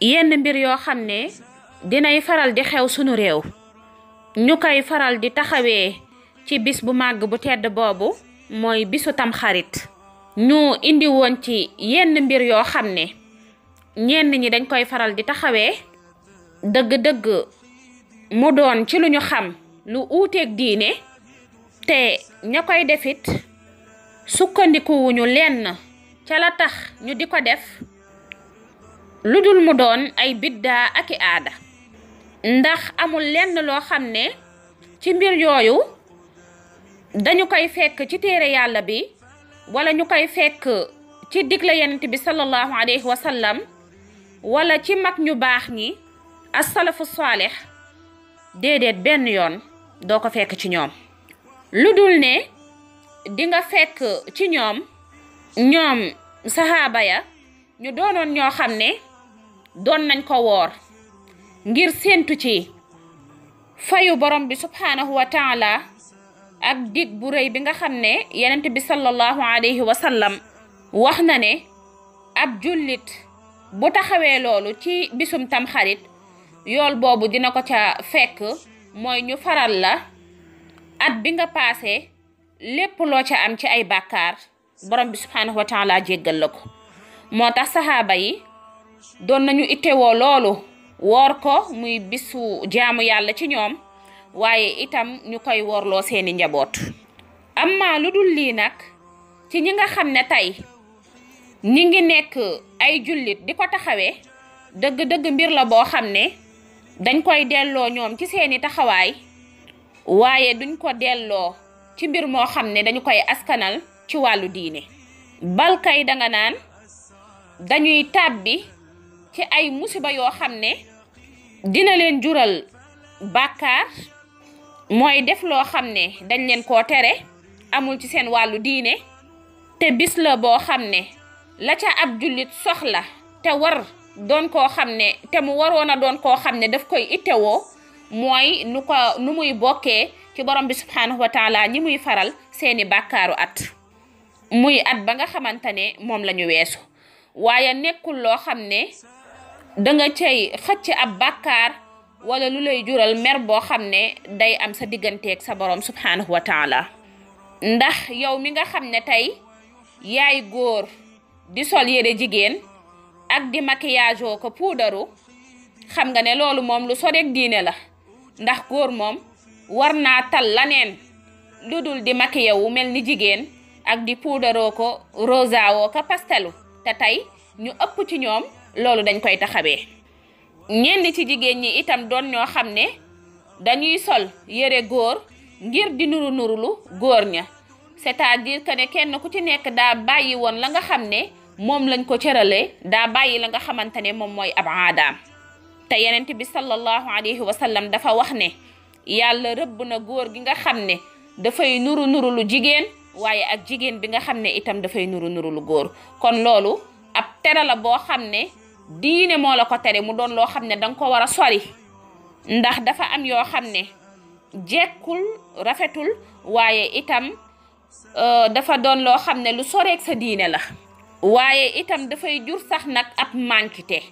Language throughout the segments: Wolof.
yenn mbir yoo xam ne dinay faral di xew sunu réew ñu koy faral di taxawee ci bis bu màgg bu tedd boobu mooy bisu tamxarit ñu indi woon ci yenn mbir yoo xam ne ñenn ñi dañ koy faral di taxawee dëgg-dëgg mu doon ci lu ñu xam lu uuteeg diine te ña koy defit sukkandikuwuñu lenn ca la tax ñu di ko def lu dul mu doon ay biddaa aki aada ndax amul lenn loo xam ne ci mbir yooyu dañu koy fekk ci téere yàlla bi wala ñu koy fekk ci digle bi sallallahu alayhi wa sallam wala ci mag ñu baax ñi asalafu saalix déedéet benn yoon doo ko fekk ci ñoom lu dul ne di nga fekk ci ñoom ñoom sahaaba ya ñu doonoon ñoo xam ne doon nañ ko woor ngir séentu ci fayu boroom bi subhaanahu wa ak dig bu rëy bi nga xam ne yenent bi sallallahu alayhi wa sallam wax na ne ab jullit bu taxawee loolu ci bisum tamxarit yool boobu dina ko ca fekk mooy ñu faral la at bi nga paase lépp loo ca am ci ay bàkkaar borom bi subhaanahu wa taala jéggal la ko moo tax saxaaba yi doon nañu ittewoo loolu woor ko muy bisu jaamu yàlla ci ñoom waaye itam ñu koy woorloo seeni njaboot amma lu dul lii nag ci ñi nga xam ne tey ñi ngi nekk ay jullit di ko taxawee dëgg-dëgg mbir la boo xam ne dañ koy delloo ñoom ci seeni taxawaay waaye duñ ko delloo ci mbir moo xam ne dañu koy askanal ci wàllu diine balkay danga naan dañuy tàbbi ci ay musiba yoo xam ne dina leen jural bàkkaar mooy def loo xam ne dañ leen koo tere amul ci seen wàllu diine te bis la boo xam ne la ca ab jullit soxla te war doon koo xam ne te mu waroon a doon koo xam ne daf koy ittewoo mooy nu ko nu muy bokkee ci borom bi subhaanahu wa ñi muy faral seeni bàkkaaru at muy at ba nga xamante moom la weesu waaye nekkul loo xam ne danga cay xëcc ab bàkkaar wala lu lay jural mer boo xam ne day am sa digganteek sa borom subhanahu wa taala ndax yow mi nga xam ne tey yaay góor di sol yére jigéen ak di maquillage oo ko puudaru xam nga ne loolu moom lu soreeg diine la ndax góor moom war naa tal laneen lu dul di maquillé wu mel ni jigéen ak di puudaroo ko rosawoo woo ko pastelu te tey ñu ëpp ci ñoom loolu dañ koy taxawee ñenn ci jigéen ñi itam doon ñoo xam ne dañuy sol yére góor ngir di nuru nurulu góor ña cest à ne kenn ku ci nekk daa bàyyi woon la nga xam ne moom lañ ko cëralee daa bàyyi la nga xamante ne moom mooy ab aadaam te yenent bi sallallahu alayhi wa dafa wax ne yàlla rëbb na góor gi nga xam ne dafay nuru nuru lu jigéen waaye ak jigéen bi nga xam ne itam dafay nuru nuru lu góor kon loolu ab tera boo xam ne diine moo la ko tere mu doon loo xam ne danga ko war a sori ndax dafa am yoo xam ne jekkul rafetul waaye itam euh, dafa doon loo xam ne lu soreek sa diine la waaye itam dafay jur sax nag ab mankite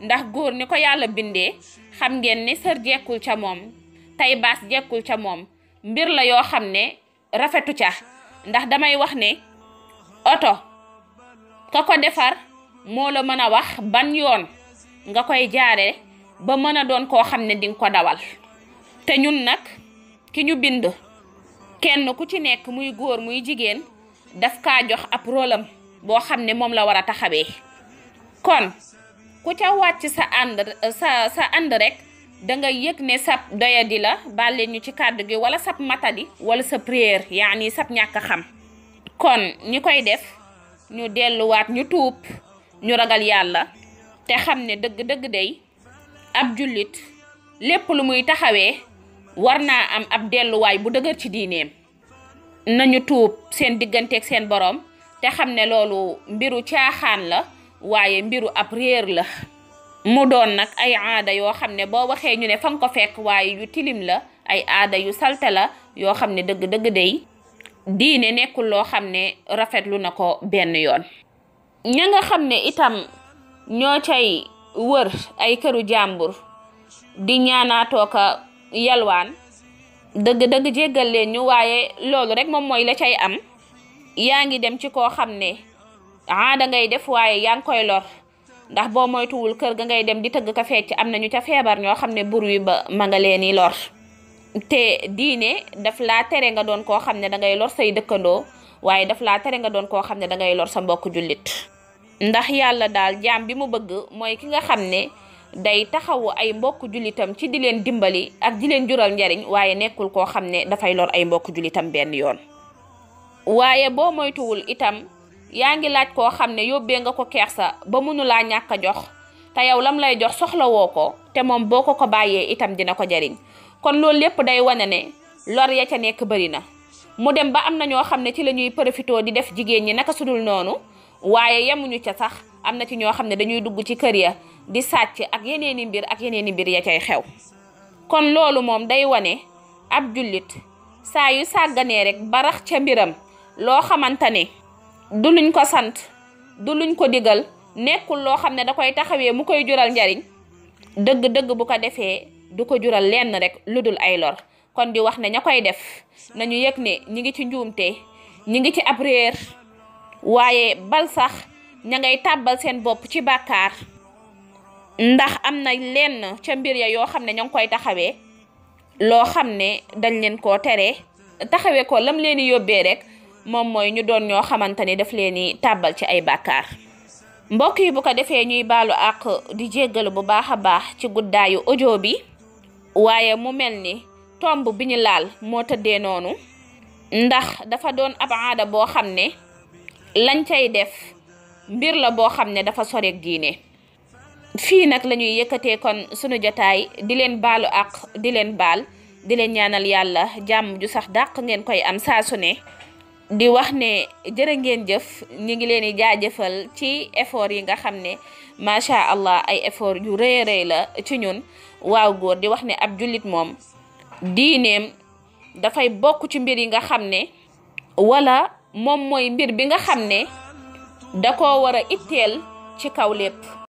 ndax góor ni ko yàlla bindee xam ngeen ni sër jekkul ca moom tay baas jekkul ca moom mbir la yoo xam ne rafetu ca ndax damay wax ne oto ka ko defar moo la mën a wax ban yoon nga koy jaare ba mën a doon koo xam ne dinga ko dawal te ñun nag ki ñu bind kenn ku ci nekk muy góor muy jigéen daf kaa jox ab rôlam boo xam ne moom la war a taxawee kon ku ca wàcc sa ànd sa sa ànd rek da nga yëg ne sab doyadi la bàlleen ñu ci kàddu gi wala sab matadi wala sa yaa yaani sab ñàkk xam kon ñi koy def ñu delluwaat ñu tuub ñu ragal yàlla te xam ne dëgg-dëgg day ab jullit lépp lu muy taxawee war naa am ab delluwaay bu dëgër ci diineem nañu tuub seen digganteek seen borom te xam ne loolu mbiru caaxaan la waaye mbiru ab réer la mu doon nag ay aada yoo xam ne boo waxee ñu ne fa ko fekk waaye yu tilim la ay aada yu salte la yoo xam ne dëgg-dëgg day diine nekkul loo xam ne rafetlu na ko benn yoon ña nga xam ne itam ñoo cay wër ay këru jàmbur di ñaanaatoo ka yalwaan dëgg-dëgg jéggal leen ñu waaye loolu rek moom mooy la cay am yaa ngi dem ci koo xam ne ah dangay def waaye yaa ngi koy lor ndax boo moytuwul kër ga ngay dem di tëgg ka fecc am na ñu ca feebar ñoo xam ne bruit ba ma nga leen lor te diine daf laa tere nga doon koo xam ne da ngay lor say dëkkandoo waaye daf laa tere nga doon koo xam ne da ngay lor sa mbokk jullit ndax yàlla daal jaam bi mu bëgg mooy ki nga xam ne day taxawu ay mbokk jullitam ci di leen dimbali ak di leen jural njariñ waaye nekkul koo xam ne dafay lor ay mbokk jullitam benn yoon waaye boo moytuwul itam yaa ngi laaj koo xam ne yóbbee nga ko sa ba mënulaa ñàkk a jox te yow lam lay jox soxlawoo ko te moom boo ko ko bàyyee itam dina ko jariñ kon loolu lépp day wane ne lor ya ca nekk bari na mu dem ba am na ñoo xam ne ci la ñuy profité di def jigéen ñi naka sudul noonu waaye yemuñu ca sax am na ci ñoo xam ne dañuy dugg ci kër ya di sàcc ak yeneeni mbir ak yeneeni mbir ya cay xew kon loolu moom day wane ab jullit saa yu sàgganee rek barax ca mbiram loo xamante ne du luñ ko sant du luñ ko digal nekkul loo xam ne da koy taxawee mu koy jural njariñ dëgg-dëgg bu ko defee du ko jural lenn rek lu dul ay lor kon di wax na ña koy def nañu yëg ne ñi ngi ci njuumte ñi ngi ci ab réer waaye bal sax ña ngay tàbbal seen bopp ci bàkkaar ndax am na lenn ca mbir ya yoo xam ne ña koy taxawee loo xam ne dañ leen koo teree taxawee ko lam leen di yóbbee rek moom mooy ñu doon ñoo xamante ni daf leen di tàbbal ci ay bàkkaar mbokk yi bu ko defee ñuy baalu àq di jéggalu bu baax a baax ci guddaayu audio bi waaye mu mel ni tomb bi ñu laal moo tëddee noonu ndax dafa doon ab aada boo xam ne lañ cay def mbir la boo xam ne dafa soreeg giine fii nag lañuy ñuy kon sunu jotaay di leen baalu ak di leen baal di leen ñaanal yàlla jàmm ju sax dàq ngeen koy am saa su ne di wax ne jërë ngeen jëf ñu ngi leen di jaajëfal ci effort yi nga xam ne macha allah ay effort yu rëy rëy la ci ñun waaw góor di wax ne ab jullit moom diineem dafay bokk ci mbir yi nga xam ne wala moom mooy mbir bi nga xam ne da ko war a itteel ci kaw lépp